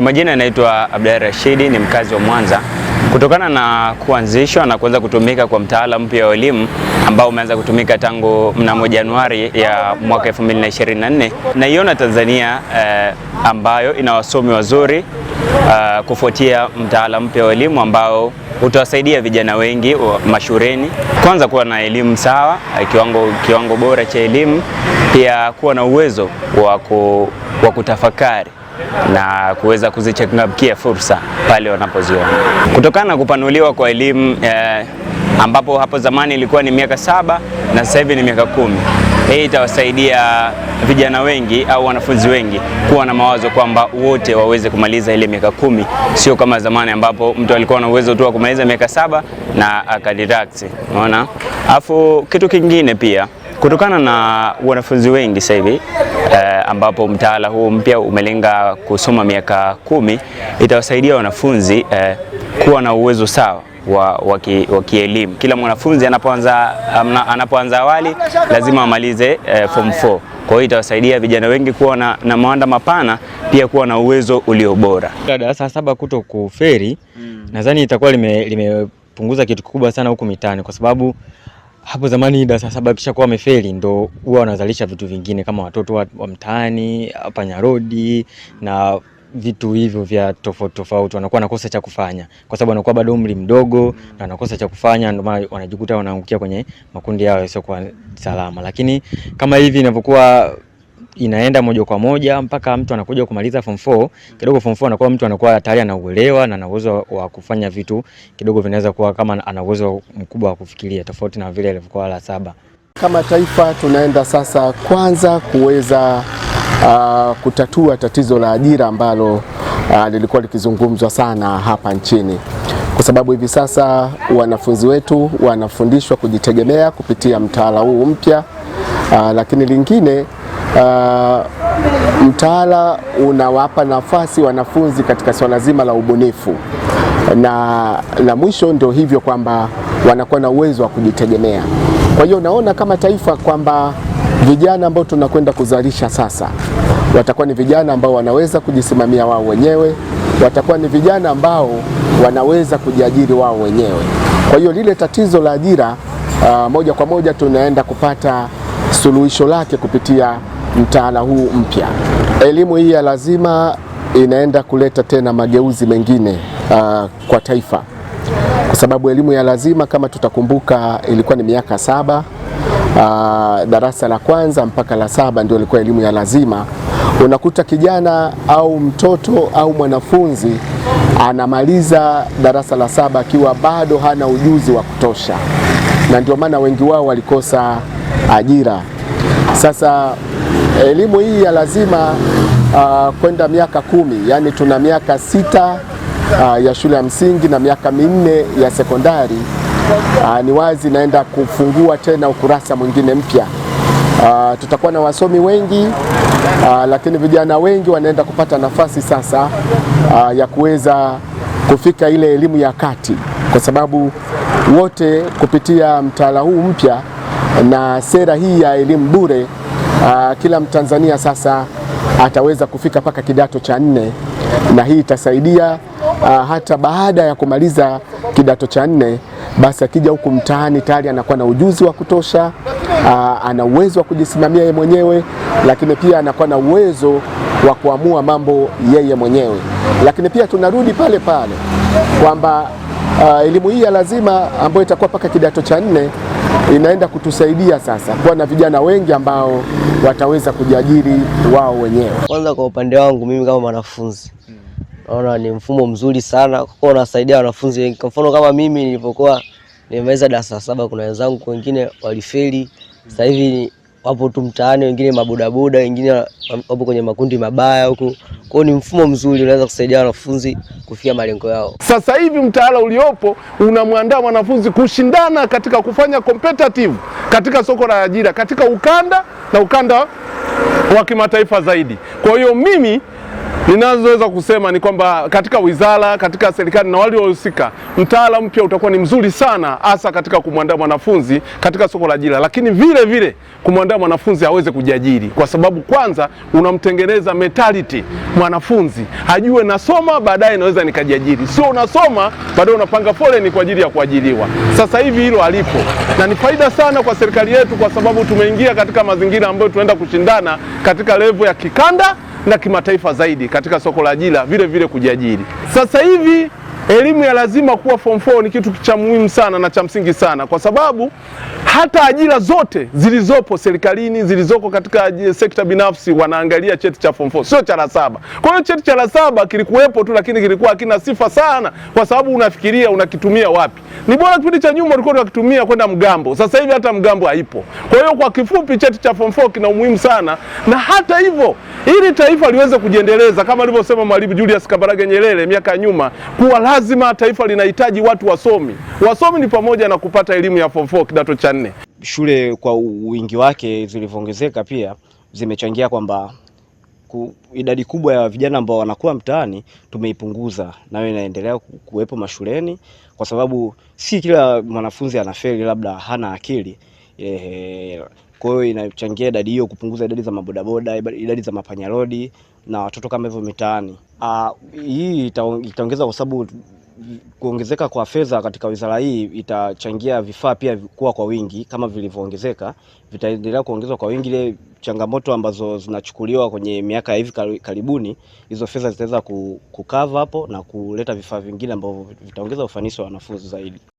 Kwa majina anaitwa Abdalla Rashidi, ni mkazi wa Mwanza. Kutokana na kuanzishwa na kuanza kutumika kwa mtaala mpya wa elimu ambao umeanza kutumika tangu mnamo Januari ya mwaka 2024, naiona Tanzania eh, ambayo ina wasomi wazuri eh, kufuatia mtaala mpya wa elimu ambao utawasaidia vijana wengi mashureni kwanza kuwa na elimu sawa, eh, kiwango, kiwango bora cha elimu, pia kuwa na uwezo wa kutafakari na kuweza kuzichangamkia fursa pale wanapoziona. Kutokana na kupanuliwa kwa elimu eh, ambapo hapo zamani ilikuwa ni miaka saba na sasa hivi ni miaka kumi. Hii itawasaidia vijana wengi au wanafunzi wengi kuwa na mawazo kwamba wote waweze kumaliza ile miaka kumi, sio kama zamani ambapo mtu alikuwa na uwezo tu wa kumaliza miaka saba na akadiraksi. Unaona? Alafu kitu kingine pia Kutokana na wanafunzi wengi sasa hivi eh, ambapo mtaala huu mpya umelenga kusoma miaka kumi, itawasaidia wanafunzi eh, kuwa na uwezo sawa wa, wa kielimu. Kila mwanafunzi anapoanza anapoanza awali lazima amalize eh, form 4. Kwa hiyo itawasaidia vijana wengi kuwa na, na mawanda mapana pia kuwa na uwezo ulio bora. Darasa saba kuto kuferi mm. Nadhani itakuwa limepunguza lime kitu kikubwa sana huku mitaani kwa sababu hapo zamani darasa kuwa wamefeli ndo huwa wanazalisha vitu vingine kama watoto wa, wa mtaani Nyarodi na vitu hivyo vya tofauti tofauti, wanakuwa nakosa cha kufanya kwa sababu anakuwa bado umri mdogo na wanakosa cha kufanya, ndio maana wanajikuta wanaangukia kwenye makundi yao yasiokuwa salama. Lakini kama hivi inavyokuwa inaenda moja kwa moja mpaka mtu anakuja kumaliza form 4 kidogo. Form 4 anakuwa mtu anakuwa tayari anauelewa na ana uwezo wa kufanya vitu kidogo, vinaweza kuwa kama ana uwezo mkubwa wa kufikiria tofauti na vile alivyokuwa la saba. Kama taifa tunaenda sasa kwanza kuweza uh, kutatua tatizo la ajira ambalo uh, lilikuwa likizungumzwa sana hapa nchini kwa sababu hivi sasa wanafunzi wetu wanafundishwa kujitegemea kupitia mtaala huu mpya, ah, lakini lingine uh, mtaala unawapa nafasi wanafunzi katika swala zima la ubunifu na na mwisho ndio hivyo kwamba wanakuwa na uwezo wa kujitegemea. Kwa hiyo naona kama taifa kwamba vijana ambao tunakwenda kuzalisha sasa watakuwa ni vijana ambao wanaweza kujisimamia wao wenyewe, watakuwa ni vijana ambao wanaweza kujiajiri wao wenyewe. Kwa hiyo lile tatizo la ajira uh, moja kwa moja tunaenda kupata suluhisho lake kupitia mtaala huu mpya. Elimu hii ya lazima inaenda kuleta tena mageuzi mengine uh, kwa taifa, kwa sababu elimu ya lazima kama tutakumbuka, ilikuwa ni miaka saba. Uh, darasa la kwanza mpaka la saba ndio ilikuwa elimu ya lazima. Unakuta kijana au mtoto au mwanafunzi anamaliza darasa la saba akiwa bado hana ujuzi wa kutosha, na ndio maana wengi wao walikosa ajira. Sasa elimu hii ya lazima uh, kwenda miaka kumi, yaani tuna miaka sita uh, ya shule ya msingi na miaka minne ya sekondari. Uh, ni wazi naenda kufungua tena ukurasa mwingine mpya. Uh, tutakuwa na wasomi wengi uh, lakini vijana wengi wanaenda kupata nafasi sasa uh, ya kuweza kufika ile elimu ya kati, kwa sababu wote kupitia mtaala huu mpya na sera hii ya elimu bure uh, kila Mtanzania sasa ataweza kufika mpaka kidato cha nne, na hii itasaidia uh, hata baada ya kumaliza kidato cha nne, basi akija huku mtaani tayari anakuwa na ujuzi wa kutosha uh, ana uwezo wa kujisimamia yeye mwenyewe, lakini pia anakuwa na uwezo wa kuamua mambo yeye mwenyewe, lakini pia tunarudi pale pale kwamba uh, elimu hii ya lazima ambayo itakuwa mpaka kidato cha nne inaenda kutusaidia sasa kuwa na vijana wengi ambao wataweza kujiajiri wao wenyewe. Kwanza kwa upande wangu mimi kama mwanafunzi naona ni mfumo mzuri sana kwa unasaidia wanafunzi wengi. Kwa mfano kama mimi nilipokuwa nimemaliza darasa saba, kuna wenzangu wengine walifeli, sasa hivi wapo tu mtaani, wengine mabodaboda, wengine wapo kwenye makundi mabaya huku. Kwa hiyo ni mfumo mzuri, unaweza kusaidia wanafunzi kufikia malengo yao. Sasa hivi mtaala uliopo unamwandaa mwanafunzi kushindana katika kufanya competitive katika soko la ajira katika ukanda na ukanda wa kimataifa zaidi. Kwa hiyo mimi ninazoweza kusema ni kwamba katika wizara, katika serikali na waliohusika, mtaala mpya utakuwa ni mzuri sana, hasa katika kumwandaa mwanafunzi katika soko la ajira, lakini vile vile kumwandaa mwanafunzi aweze kujiajiri, kwa sababu kwanza unamtengeneza mentality mwanafunzi ajue nasoma, baadaye naweza nikajiajiri, sio unasoma baadaye unapanga foleni kwa ajili ya kuajiriwa. Sasa hivi hilo alipo na ni faida sana kwa serikali yetu, kwa sababu tumeingia katika mazingira ambayo tunaenda kushindana katika levo ya kikanda na kimataifa zaidi katika soko la ajira, vile vile kujiajiri. Sasa hivi elimu ya lazima kuwa form 4 ni kitu cha muhimu sana na cha msingi sana, kwa sababu hata ajira zote zilizopo serikalini, zilizoko katika sekta binafsi, wanaangalia cheti cha form 4, sio cha la saba. Kwa hiyo cheti cha la saba kilikuwepo tu, lakini kilikuwa hakina sifa sana, kwa sababu unafikiria unakitumia wapi? Ni bora kipindi cha nyuma ulikuwa unakitumia kwenda mgambo, sasa hivi hata mgambo haipo. Kwa hiyo kwa kifupi, cheti cha form 4 kina umuhimu sana, na hata hivyo ili taifa liweze kujiendeleza kama alivyosema Mwalimu Julius Kambarage Nyerere miaka ya nyuma kuwa lazima taifa linahitaji watu wasomi. Wasomi ni pamoja na kupata elimu ya form 4 kidato cha nne. Shule kwa wingi wake zilivyoongezeka pia zimechangia kwamba ku, idadi kubwa ya vijana ambao wanakuwa mtaani tumeipunguza, nayo inaendelea kuwepo mashuleni, kwa sababu si kila mwanafunzi anafeli, labda hana akili e, kwa hiyo inachangia idadi hiyo kupunguza idadi za mabodaboda, idadi za mapanyarodi na watoto kama hivyo mitaani. Ah, hii itaongeza kwa sababu kuongezeka kwa fedha katika wizara hii itachangia vifaa pia kuwa kwa wingi kama vilivyoongezeka, vitaendelea kuongezwa kwa wingi. Ile changamoto ambazo zinachukuliwa kwenye miaka ya hivi karibuni, hizo fedha zitaweza kukava hapo na kuleta vifaa vingine ambavyo vitaongeza ufanisi wa wanafunzi zaidi.